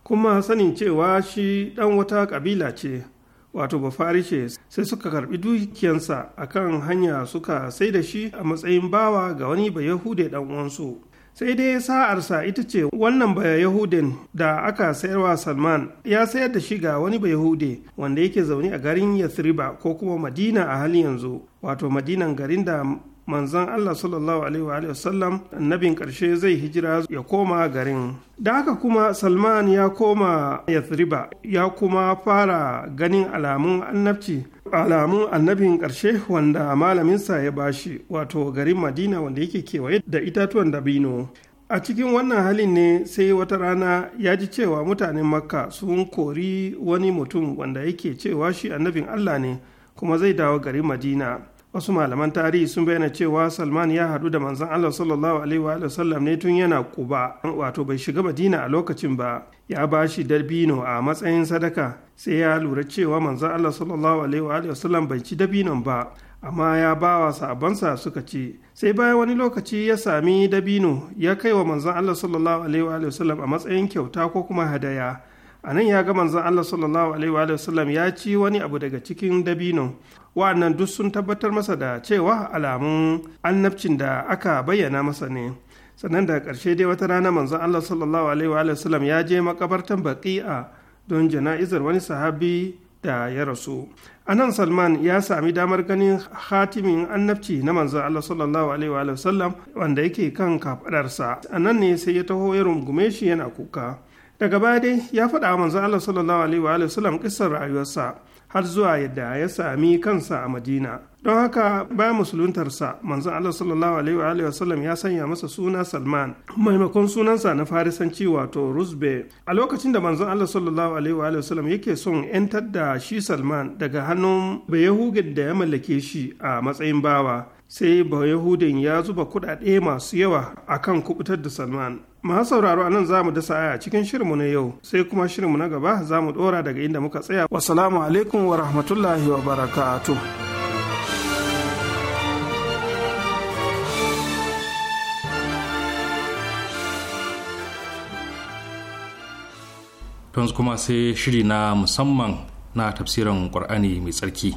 kuma sanin cewa shi ɗan wata ƙabila ce wato bafarishe sai suka karɓi dukiyansa akan hanya suka sai da shi a matsayin bawa ga wani bayahude ɗan uwansu sai dai sa'arsa ita ce wannan ba yahudin da aka sayarwa salman ya sayar da shi ga wani Bayahudi yahude wanda yake zaune a garin yathriba ko kuma madina a halin yanzu wato madinan garin da manzan Allah sallallahu alaihi wa wasallam annabin ƙarshe zai hijira ya koma garin. Da haka kuma Salman ya koma Yathriba ya kuma fara ganin alamun annabci alamun annabin ƙarshe wanda malaminsa ya bashi wato garin madina wanda yake kewaye da itatuwan dabino a cikin wannan halin ne sai wata rana ya ji cewa mutanen makka sun kori wani mutum wanda yake cewa shi annabin allah ne kuma zai dawo garin madina wasu malaman tarihi sun bayyana cewa salman ya haɗu da manzon allah sallallahu alaihi wa sallam ne tun yana kuba wato bai shiga madina a lokacin ba ya ba shi dabino a matsayin sadaka sai ya lura cewa manzon allah sallallahu alaihi wa sallam bai ci dabinon ba amma ya ba wa sabansa suka ci sai bayan wani lokaci ya sami dabino ya kai wa manzon allah sallallahu alaihi wa sallam a matsayin kyauta ko kuma hadaya a nan ya ga manzon Allah sallallahu alaihi wa sallam ya ci wani abu daga cikin dabino wa'annan duk sun tabbatar masa da cewa alamun annabcin da aka bayyana masa ne sannan daga ƙarshe dai wata rana manzon Allah sallallahu alaihi wa sallam ya je makabartan baqi'a don jana'izar wani sahabi da ya rasu anan salman ya sami damar ganin hatimin annabci na manzon allah sallallahu alaihi wa sallam wanda yake kan kafadarsa anan ne sai ya taho ya rungume shi yana kuka daga baya dai ya faɗa wa manzon Allah sallallahu alaihi wa sallam kissar rayuwarsa har zuwa yadda ya sami kansa a Madina don haka bayan musuluntarsa manzon Allah sallallahu alaihi wa sallam ya sanya masa suna Salman maimakon sunansa na farisanci wato Rusbe a lokacin da manzon Allah sallallahu alaihi wa sallam yake son yantar da shi Salman daga hannun Bayahudin da ya mallake shi a matsayin bawa sai Bayahudin ya zuba kuɗaɗe masu yawa akan kubutar da Salman masu sauraro anan za mu dasa aya cikin shirinmu na yau sai kuma shirinmu na gaba za mu dora daga inda muka tsaya wasalamu alaikum wa rahmatullahi wa barakatu. yanzu kuma sai shiri na musamman na tafsirin ƙwar'ani mai tsarki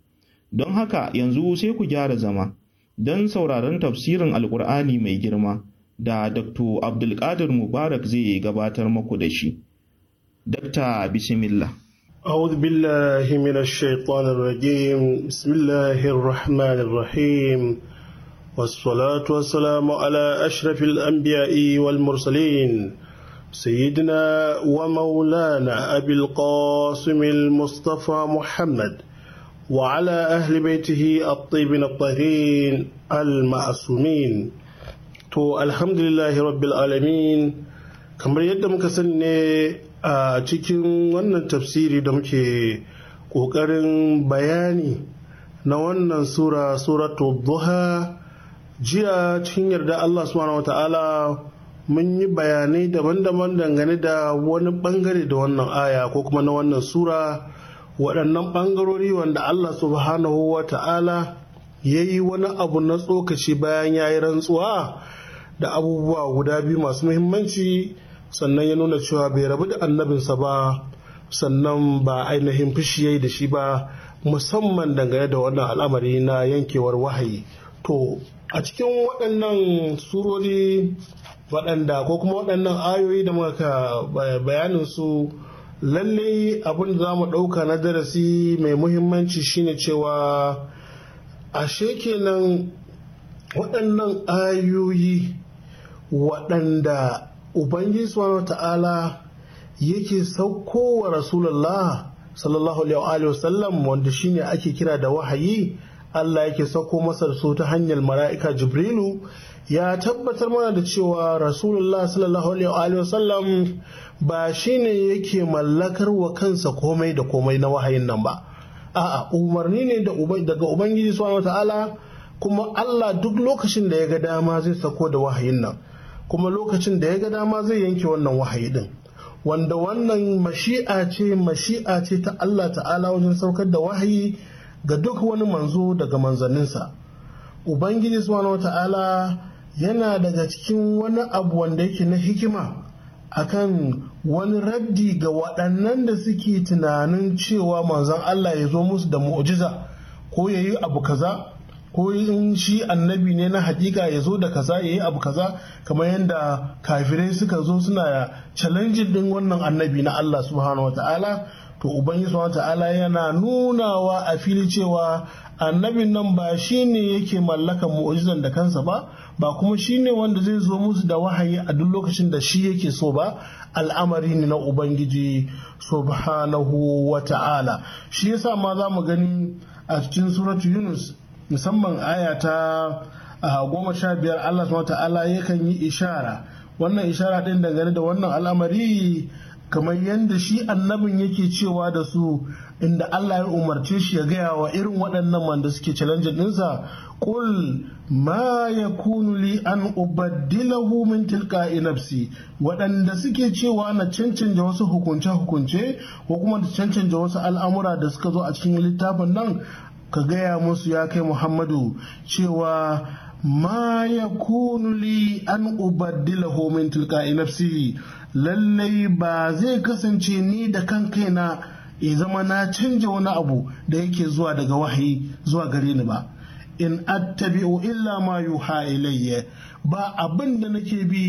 Don haka yanzu sai ku gyara zama don sauraron tafsirin Alƙur'ani mai girma da Dr. Abdulkadir Mubarak zai gabatar maku da shi. dr Bismillah. أعوذ بالله من الشيطان الرجيم بسم الله الرحمن الرحيم والصلاة والسلام على أشرف الأنبياء والمرسلين سيدنا ومولانا أبي القاسم المصطفى محمد وعلى أهل بيته الطيبين الطاهرين المعصومين to alhamdulillahi rabbil alamin kamar yadda muka sani ne a cikin wannan tafsiri da muke ƙoƙarin bayani na wannan sura suratu duha jiya cikin yarda Allah subhanahu ta'ala mun yi bayanai daban-daban dangane da wani bangare da wannan aya ko kuma na wannan sura waɗannan ɓangarori wanda Allah subhanahu wa ta'ala ya yi wani abu na tsokaci bayan ya yi rantsuwa da abubuwa guda biyu masu muhimmanci sannan ya nuna cewa bai rabu da annabinsa ba sannan ba ainihin fushi ya yi da shi ba musamman dangane da wannan al'amari na yankewar wahayi to a cikin waɗannan surori waɗanda ko kuma waɗannan ayoyi da muka bayanin su lalle abin da za mu ɗauka na darasi mai muhimmanci shine cewa ashe kenan waɗannan ayoyi waɗanda ubangiji subhanahu ta'ala yake saukowa rasulullah sallallahu alaihi wa sallam wanda shine ake kira da wahayi Allah yake sauko masa da su ta hanyar mara'ika jibrilu ya tabbatar mana da cewa rasulullah sallallahu alaihi wa sallam. ba shi ne yake mallakar wa kansa komai da komai na wahayin nan ba a'a umarni ne daga ubangiji subhanahu ta'ala kuma Allah duk lokacin da ya ga dama zai sako da wahayin nan kuma lokacin da ya ga dama zai yanke wannan wahayi din wanda wannan mashi'a ce mashi'a ce ta Allah ta'ala wajen saukar da wahayi ga duk wani manzo daga manzanninsa ubangiji subhanahu ta'ala yana daga cikin wani abu wanda yake na hikima akan wani raddi ga waɗannan da suke tunanin cewa manzon Allah ya zo musu da mu'ujiza ko ya yi abu kaza ko in shi annabi ne na haƙiƙa ya zo da kaza ya yi abu kaza kamar yadda kafirai suka zo suna challenge din wannan annabi na Allah subhanahu wa ta'ala. to ubangi subhanahu ta'ala yana nunawa a fili cewa annabin nan ba shi ne yake mallakan mu'ujizan da kansa ba ba kuma shi ne wanda zai zo musu da wahayi a duk lokacin da shi yake so ba al'amari ne na ubangiji subhanahu wa ta'ala shi yasa ma za mu gani a cikin suratu yunus musamman ayata ta goma sha biyar allah subhanahu wa ta'ala yakan yi ishara wannan ishara ɗin dangane da wannan al'amari kamar yadda shi annabin yake cewa da su inda Allah ya umarce shi ya gaya wa irin waɗannan wanda suke challenge ɗinsa ƙul ma ya li an ubaddilahu min tilka'i nafsi waɗanda suke cewa na cancanta wasu hukunce-hukunce ko kuma da cancanta wasu al'amura da suka zo a cikin littafin nan ka gaya musu ya kai muhammadu cewa ma ya li an ubaddilahu min tilka'i nafsi lallai ba zai kasance ni da kan kaina ya zama na canja wani abu da yake zuwa daga wahayi zuwa gare ni ba in attabi'u illa ma yuha ilayya ba abin da nake bi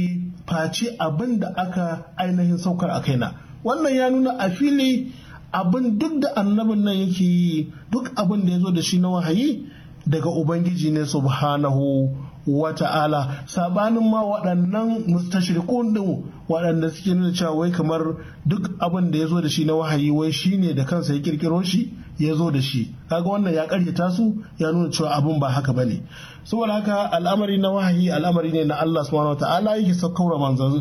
face abin da aka ainihin saukar a kaina wannan ya nuna a fili abin duk da annabin nan yake yi duk abin da ya zo da shi na wahayi daga ubangiji ne subhanahu wa ta'ala sabanin ma waɗannan mustashrikun din waɗanda suke nuna cewa wai kamar duk abin da ya zo da shi na wahayi wai shine da kansa ya kirkiro shi ya zo da shi kaga wannan ya karyata su ya nuna cewa abun ba haka bane saboda haka al'amari na wahayi al'amari ne na Allah subhanahu wataala yake saukaura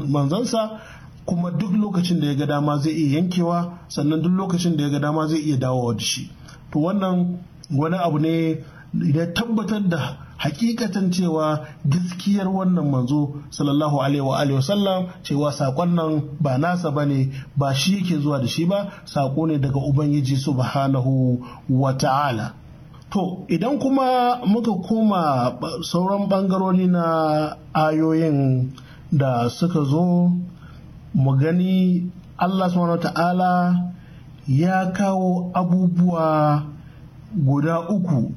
manzansa kuma duk lokacin da ya ga dama zai iya yankewa sannan duk lokacin da ya ga dama zai iya dawo da shi to wannan wani abu ne da tabbatar da hakikatan cewa gaskiyar wannan manzo sallallahu alaihi wa sallam cewa sakon nan ba nasa bane ba shi yake zuwa da shi ba sako ne daga ubangiji subhanahu wa ta'ala to idan kuma muka koma sauran bangarori na ayoyin da suka zo mu gani allah subhanahu wa ta'ala ya kawo abubuwa guda uku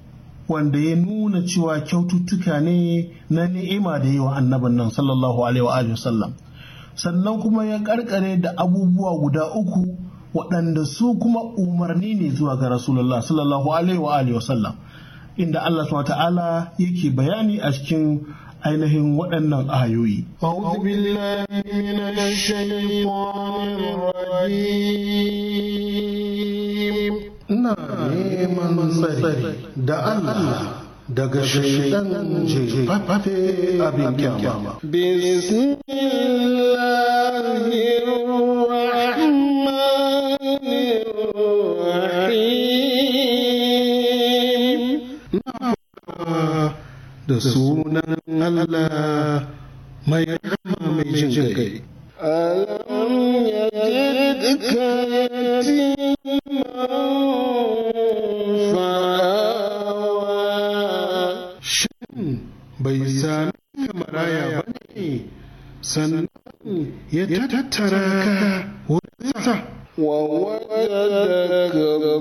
wanda ya nuna cewa kyaututtuka ne na ni'ima da yi wa annabin nan sallallahu alaihi wa sallam sannan kuma ya karkare da abubuwa guda uku waɗanda su kuma umarni ne zuwa ga rasulullah sallallahu alaihi wa sallam inda Allah subhanahu ta'ala yake bayani a cikin ainihin waɗannan ayoyi. a'udhu billahi minash الشيطان الرجيم ina neman tsari da Allah daga shaidan jefafe abin kyamama. da sunan Allah mai kama mai jin kai. Alam ya jirka Shin bai sami kamaraya ba ne, sannan ya tattara ka wurinsa. ووجدك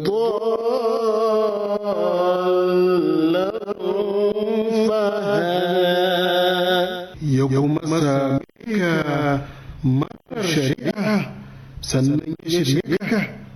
ضالا فهدى يوم سامعك مر شريعة سنن شريعك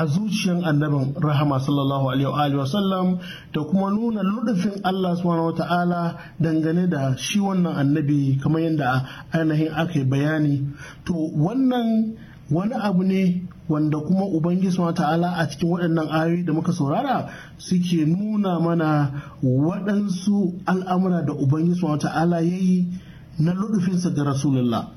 a zuciyar annabin rahama sallallahu alaihi wa sallam da kuma nuna ludufin Allah subhanahu wata'ala dangane da shi wannan annabi kamar yadda ainihin aka yi bayani to wannan wani abu ne wanda kuma ubangiji subhanahu wata'ala a cikin waɗannan ayoyi da muka saurara suke nuna mana waɗansu al'amura da ubangiji subhanahu wata'ala ya yi na ludufinsa ga rasulullah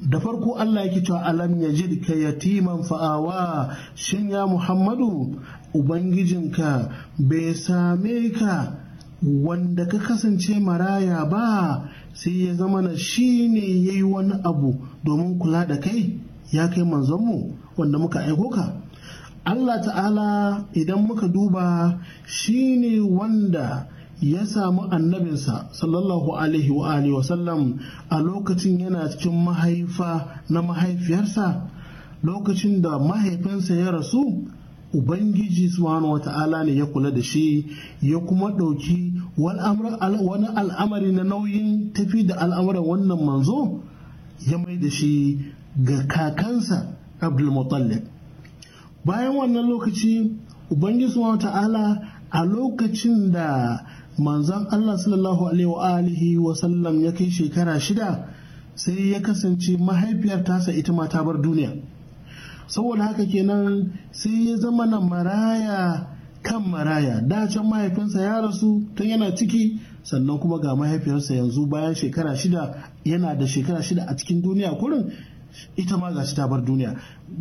da farko Allah yake cewa alam yajid ka yatiman fa'awa shin ya Muhammadu ubangijinka bai same ka wanda ka kasance maraya ba sai ya zama na shi ne ya yi wani abu domin kula da kai ya kai manzonmu wanda muka aiko ka Allah ta'ala idan muka duba shi ne wanda ya samu annabinsa sallallahu alaihi wa alihi wasallam a lokacin yana cikin mahaifa na mahaifiyarsa lokacin da mahaifinsa ya rasu ubangiji subhanahu wa ta'ala ne ya kula da shi ya kuma ɗauki wani al'amari na nauyin tafi da alamarin wannan manzo ya mai da shi ga kakansa abdulmutallib bayan wannan lokaci ubangiji subhanahu wa ta'ala a lokacin da manzan Allah sallallahu alaihi wa sallam ya kai shekara shida sai ya kasance mahaifiyar tasa ita ma ta bar duniya saboda haka kenan sai ya zama na maraya kan maraya dacen mahaifinsa ya rasu tun yana ciki sannan kuma ga mahaifiyarsa yanzu bayan shekara shida yana da shekara shida a cikin duniya kurin ita ma gashi ta bar duniya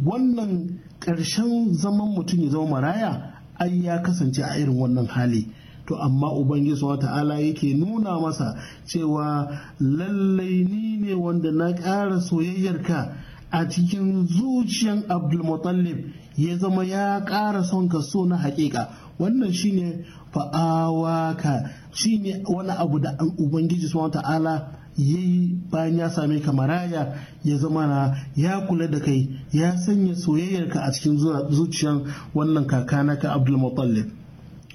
wannan ƙarshen zaman mutum ya zama maraya ai ya kasance a irin wannan hali to amma ubangiji wa ta'ala yake nuna masa cewa lallai ni ne wanda na ƙara soyayyarka a cikin zuciyan abdulmutallif ya zama ya ƙara son ka so na haƙiƙa wannan shine fa'awaka shine wani abu da ubangiji subhanahu ta'ala ya yi bayan ya same ka maraya ya zama na ya kula da kai ya sanya soyayyarka a cikin zuciyan wannan kakana ka abdulmutallif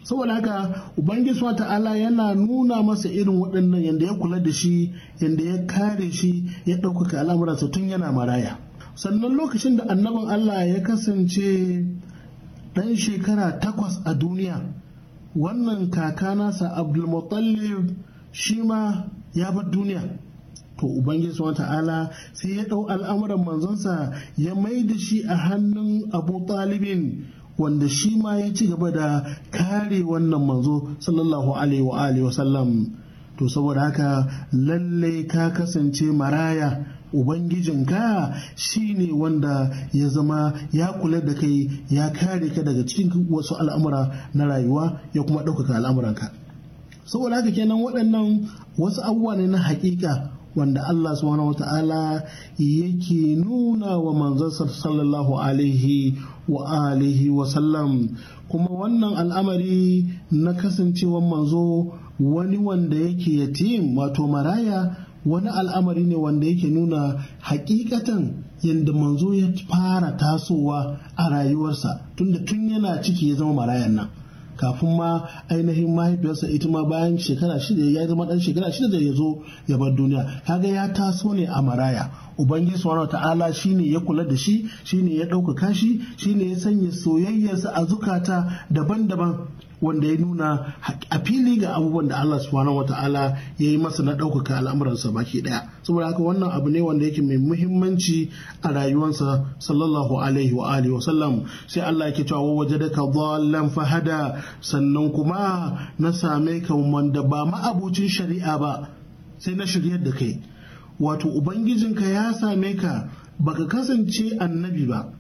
saboda haka ubangiji wa ta'ala yana nuna masa irin waɗannan yadda ya kula da shi yadda ya kare shi ya ɗaukaka al'amuransa tun yana maraya sannan lokacin da annabin allah ya kasance ɗan shekara takwas a duniya wannan kaka nasa abdulmutallib shi ma ya bar duniya to ubangiji subhanahu ta'ala sai ya ɗau al'amuran manzansa ya mai da shi a hannun abu talibin wanda shi ma ya ci gaba da kare wannan manzo sallallahu alaihi wa alihi wa sallam to saboda haka lalle ka kasance maraya ubangijinka shine wanda ya zama ya kula da kai ya kare ka daga cikin wasu al'amura na rayuwa ya kuma ɗaukaka al'amuranka saboda haka kenan waɗannan wasu abubuwa ne na haƙiƙa wanda Allah subhanahu wata'ala yake nuna wa manzansa sallallahu alaihi wa alihi wa sallam kuma wannan al'amari na kasancewa manzo wani wanda yake yatim wato maraya wani al'amari ne wanda yake nuna hakikatan yadda manzo ya fara tasowa a rayuwarsa tunda tun yana ciki ya zama marayan nan kafin ma ainihin mahaifiyarsa ita ma bayan shekara shida ya zama dan shekara shida da ya zo ya bar duniya kaga ya taso ne a maraya ubangiji subhanahu ta'ala shine ya kula da shi shine ya ɗaukaka shi shine ya sanya soyayyarsa a zukata daban-daban wanda ya nuna a fili ga abubuwan da Allah subhanahu ta'ala ya yi masa na ɗaukaka al'amuransa baki ɗaya saboda haka wannan abu ne wanda yake mai muhimmanci a rayuwarsa sallallahu alaihi wa alihi wa sallam sai Allah yake cewa wajadaka dhallan fahada sannan kuma na same ka wanda ba ma'abucin shari'a ba sai na shiryar da kai wato Ubangijin ka ya same ka baka kasance annabi ba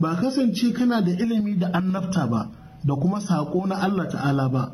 ba kasance kana da ilimi da annabta ba da kuma saƙo na Allah ta'ala ba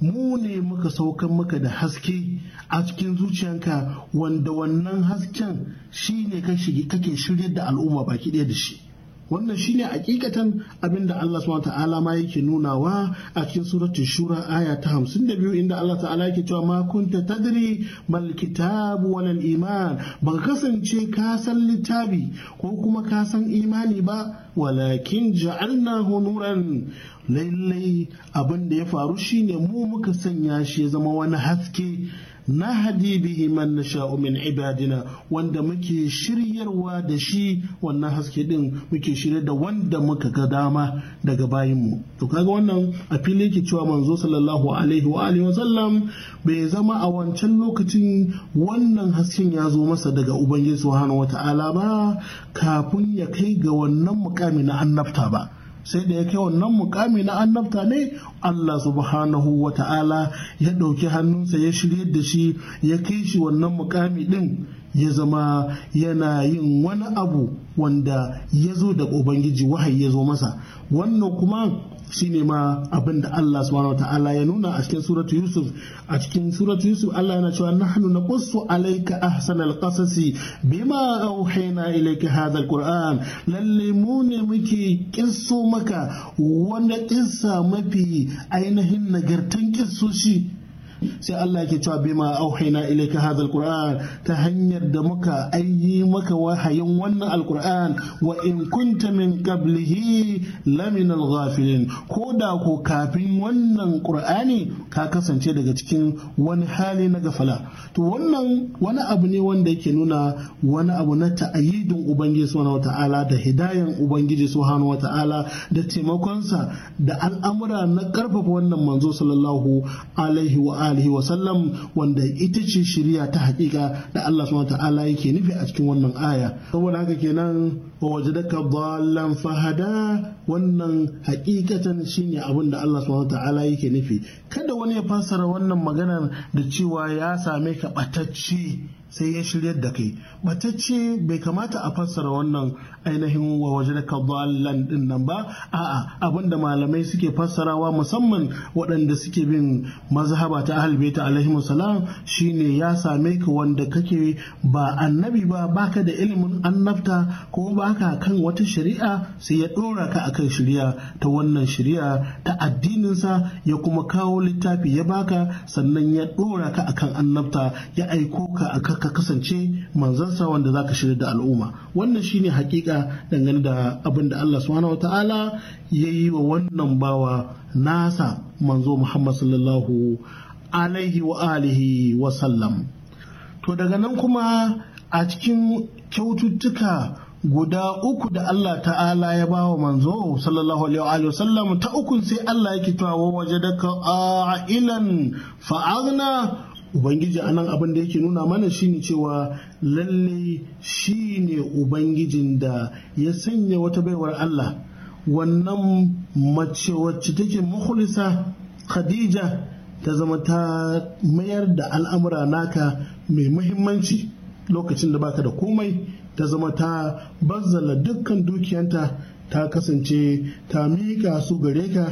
mu ne muka saukan muka da haske a cikin zuciyanka wanda wannan hasken shi ne kake shirya da al'umma baki ɗaya da shi wannan shine hakikatan abinda Allah subhanahu ta'ala ma yake nunawa a cikin suratul shura aya ta 52 inda Allah ta'ala yake cewa ma kunta tadri mal kitab wal iman baka kasance ka san littafi ko kuma ka san imani ba walakin ja'alnahu nuran lallai abin da ya faru shine mu muka sanya shi ya zama wani haske nahdi bihi man nasha'u min ibadina wanda muke shiryarwa da shi wannan haske din muke shirye da wanda muka ga dama daga bayin mu to kaga wannan a fili yake cewa manzo sallallahu alaihi wa alihi wa bai zama a wancan lokacin wannan hasken ya zo masa daga ubangiji subhanahu wata'ala ba kafin ya kai ga wannan mukamin na annabta ba sai da ya kai wannan mukami na annabta ne Allah subhanahu wa ta'ala ya ɗauki hannunsa ya shirye da shi ya kai shi wannan mukami ɗin ya zama yana yin wani abu wanda ya zo da ubangiji wahayi ya zo masa wannan kuma shine ma abin da Allah subhanahu ya nuna a cikin suratu Yusuf a cikin suratu Yusuf Allah yana cewa nahnu naqussu alayka ahsanal qasasi bima auhayna ilayka hadha alquran lalle mu ne muke kisso maka wanda kissa mafi ainihin nagartan kissoshi sai Allah yake cewa bima auhina ilayka hadha alquran ta hanyar da muka ayi maka wahayin wannan alquran wa in kunta min qablihi lamina alghafilin ko da ko kafin wannan qur'ani ka kasance daga cikin wani hali na gafala to wannan wani abu ne wanda yake nuna wani abu na ta'ayyidin ubangiji subhanahu wata'ala da hidayan ubangiji subhanahu wata'ala da taimakonsa da al'amura na karfafa wannan manzo sallallahu alaihi wa alihi wa sallam wanda ita ce shirya ta hakika da Allah subhanahu wa ta'ala yake nufi a cikin wannan aya saboda haka kenan wa wajadaka dhallan fahada wannan hakikatan shine abin da Allah subhanahu wa ta'ala yake nufi kada wani ya fassara wannan maganar da cewa ya same ka batacce sai ya shiryar da kai batacce bai kamata a fassara wannan ainihin wa waje da kabbalan din nan ba a'a abinda malamai suke fassarawa musamman waɗanda suke bin mazhaba ta ahlul baita alaihi salam shine ya same ka wanda kake ba annabi ba baka da ilimin annabta ko baka kan wata shari'a sai ya ɗora ka akan shari'a ta wannan shari'a ta addinin sa ya kuma kawo littafi ya baka sannan ya ɗora ka akan annabta ya aiko ka akan ka kasance manzansa wanda zaka shirya da al'umma wannan shine hakika dangane da abin da Allah subhanahu wataala ya yi wa wannan bawa nasa manzo Muhammad sallallahu alaihi wa alihi wa sallam to daga nan kuma a cikin kyaututtuka guda uku da Allah ta'ala ya ba wa manzo sallallahu alaihi wa sallam ta ukun sai Allah ya kitawa waje daga a'ilan fa'agna ubangiji anan abin da yake nuna mana shine cewa lalle shi ne ubangijin da ya sanya wata baiwar Allah wannan mace wacce take makhulisa khadija ta zama ta mayar da al'amura naka mai muhimmanci lokacin da baka da komai ta zama ta bazzala dukkan dukiyanta ta kasance ta miƙa su gare ka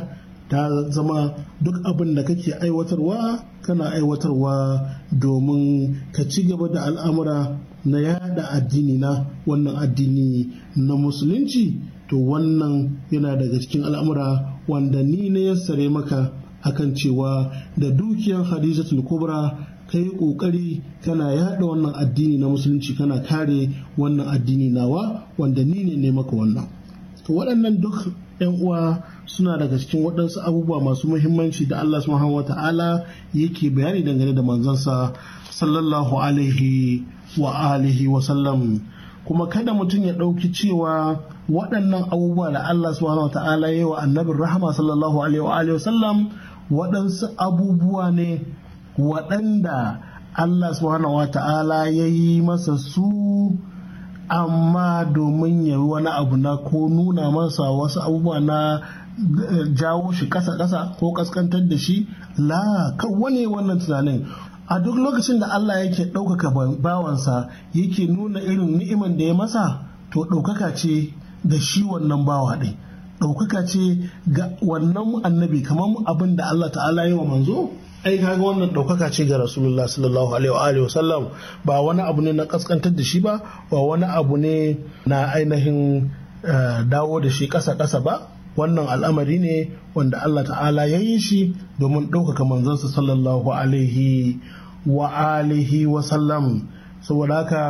ta zama duk abin da kake aiwatarwa kana aiwatarwa domin ka ci gaba da al'amura na yada addini na wannan addini na musulunci to wannan yana daga cikin al'amura wanda ni na yassare maka akan cewa da dukiyar hadisatul kubra ka yi ƙoƙari kana yada wannan addini na musulunci kana kare wannan addini nawa wanda ni ne ne maka wannan to waɗannan duk 'yan uwa suna daga cikin waɗansu abubuwa masu muhimmanci da Allah subhanahu ta'ala yake bayani dangane da manzansa sallallahu alaihi wa alihi wa sallam kuma kada mutum ya ɗauki cewa waɗannan abubuwa da Allah subhanahu ta'ala ya wa annabin rahama sallallahu alaihi wa alihi wa sallam waɗansu abubuwa ne waɗanda Allah subhanahu ta'ala ya yi masa su amma domin ya wani abu na ko nuna masa wasu abubuwa na jawo shi ƙasa kasa ko ƙaskantar da shi la kawane wannan tunanin a duk lokacin da Allah yake ɗaukaka bawansa yake nuna irin ni'iman da ya masa to ɗaukaka ce da shi wannan bawa ɗin ɗaukaka ce ga wannan annabi kamar abin da Allah ta'ala yi wa manzo ai kaga wannan ɗaukaka ce ga rasulullah sallallahu alaihi wa sallam ba wani abu ne na kaskantar da shi ba ba wani abu ne na ainihin eh, dawo da shi ƙasa ƙasa ba wannan al'amari ne wanda Allah ta'ala ya yi shi domin ɗaukaka manzansa sallallahu alaihi wa alihi wa sallam saboda haka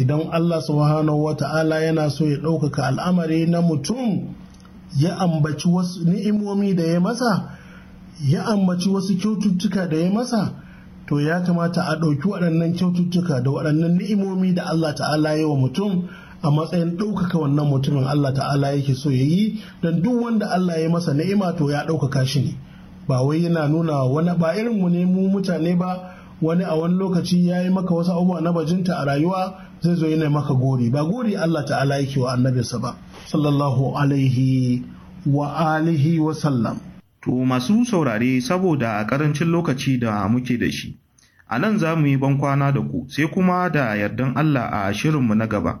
idan Allah subhanahu wa ta'ala yana so ya ɗaukaka al'amari na mutum ya ambaci wasu ni'imomi da ya masa ya ambaci wasu kyaututtuka da ya masa to ya kamata a ɗauki waɗannan kyaututtuka da waɗannan ni'imomi da Allah ta'ala ya wa mutum a matsayin ɗaukaka wannan mutumin Allah ta'ala yake so ya yi don duk wanda Allah ya masa ni'ima to ya ɗaukaka shi ne ba wai yana nuna wani ba irin mu ne mu mutane ba wani a wani lokaci ya yi maka wasu abubuwa na bajinta a rayuwa zai zo yana maka gori ba gori Allah ta'ala yake wa annabinsa ba sallallahu alaihi wa alihi wa sallam to masu saurare saboda a karancin lokaci da muke da shi a nan za mu yi bankwana da ku sai kuma da yardan Allah a shirinmu na gaba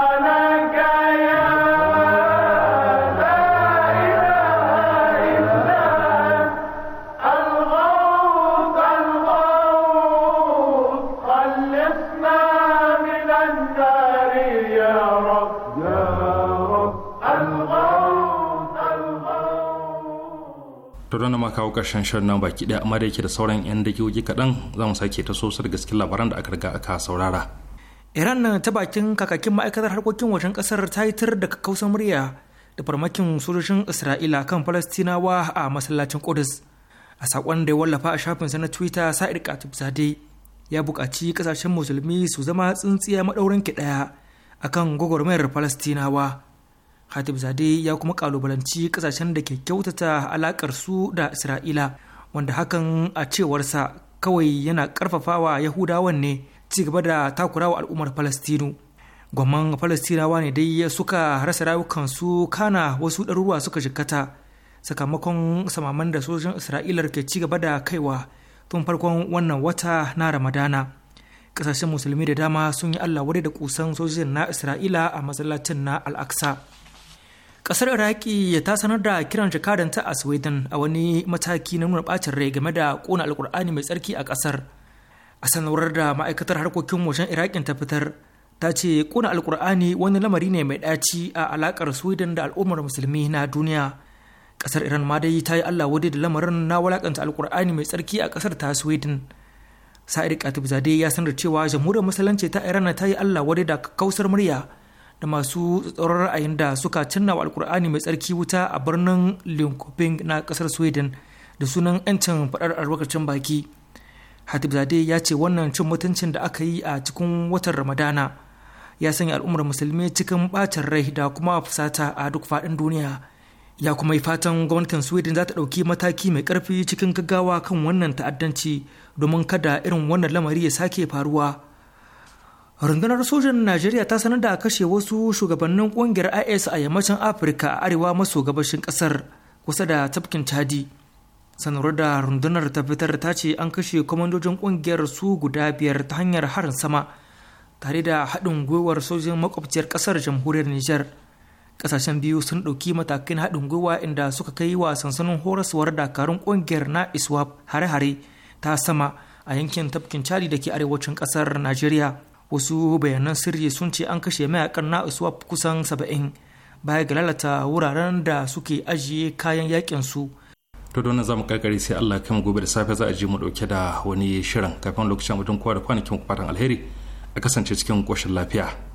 sauraro na makawo karshen shirin nan baki daya amma da yake da sauran yan dakiyoyi kaɗan za mu sake ta sosar gaske labaran da aka riga aka saurara. Iran nan ta bakin kakakin ma'aikatar harkokin wajen kasar ta yi tur da kakkausar murya da farmakin sojojin Isra'ila kan Falastinawa a masallacin Qudus. A saƙon da ya wallafa a shafinsa na Twitter Sa'id Katib Zade ya buƙaci ƙasashen musulmi su zama tsintsiya maɗaurin ki ɗaya akan gwagwarmayar Falastinawa. hatib zade ya kuma kalubalanci kasashen da ke kyautata alakar su da isra'ila wanda hakan a cewarsa kawai yana karfafawa yahudawan ne ci gaba da takurawa al'ummar falastinu gwamman falastinawa ne dai suka rasa rayukansu kana wasu ɗaruruwa suka jikkata sakamakon samaman da sojojin isra'ilar ke ci gaba da kaiwa tun farkon wannan wata na ramadana ƙasashen musulmi da dama sun yi allah wadai da kusan sojojin na isra'ila a masallacin na al Al-Aqsa. kasar iraki ta sanar da kiran jakadanta a sweden a wani mataki na nuna bacin rai game da kona alkur'ani mai tsarki a kasar a sanarwar da ma'aikatar harkokin wajen irakin ta fitar ta ce kona alkur'ani wani lamari ne mai ɗaci a alakar sweden da al'ummar musulmi na duniya kasar iran ma dai ta yi allah wade da lamarin na walakanta alkur'ani mai tsarki a kasar ta sweden sa'id Zade ya sanar cewa jamhuriyar musulunci ta iran ta yi allah wade da kausar murya da masu tsoron ra'ayin da suka cinna wa alkur'ani mai tsarki wuta a birnin linkoping na kasar sweden da sunan 'yancin faɗar albarkacin baki hatib Zade ya ce wannan cin mutuncin da aka yi a cikin watan ramadana ya sanya al'ummar musulmi cikin bacin rai da kuma fusata a duk faɗin duniya ya kuma yi fatan gwamnatin sweden za ta ɗauki mataki mai ƙarfi cikin gaggawa kan wannan ta'addanci domin kada irin wannan lamari ya sake faruwa rundunar sojan najeriya ta sanar da kashe wasu shugabannin kungiyar is a yammacin afirka a arewa maso gabashin kasar kusa da tafkin chadi sanarwar da rundunar ta fitar ta ce an kashe kwamandojin kungiyar su guda biyar ta hanyar harin sama tare da haɗin gwiwar sojin makwabciyar kasar jamhuriyar niger kasashen biyu sun ɗauki matakin haɗin gwiwa inda suka kai wa sansanin horaswar dakarun kungiyar na iswap hare-hare ta sama a yankin tafkin chadi da ke arewacin kasar najeriya wasu bayanan sirri sun ce an kashe mayakan na isuwa kusan saba'in baya ga lalata wuraren da suke ajiye kayan yakin su to don za mu kakari sai Allah kan gobe da safe za a ji mu dauke da wani shirin kafin lokacin mutum kowa da kwanakin fatan alheri a kasance cikin koshin lafiya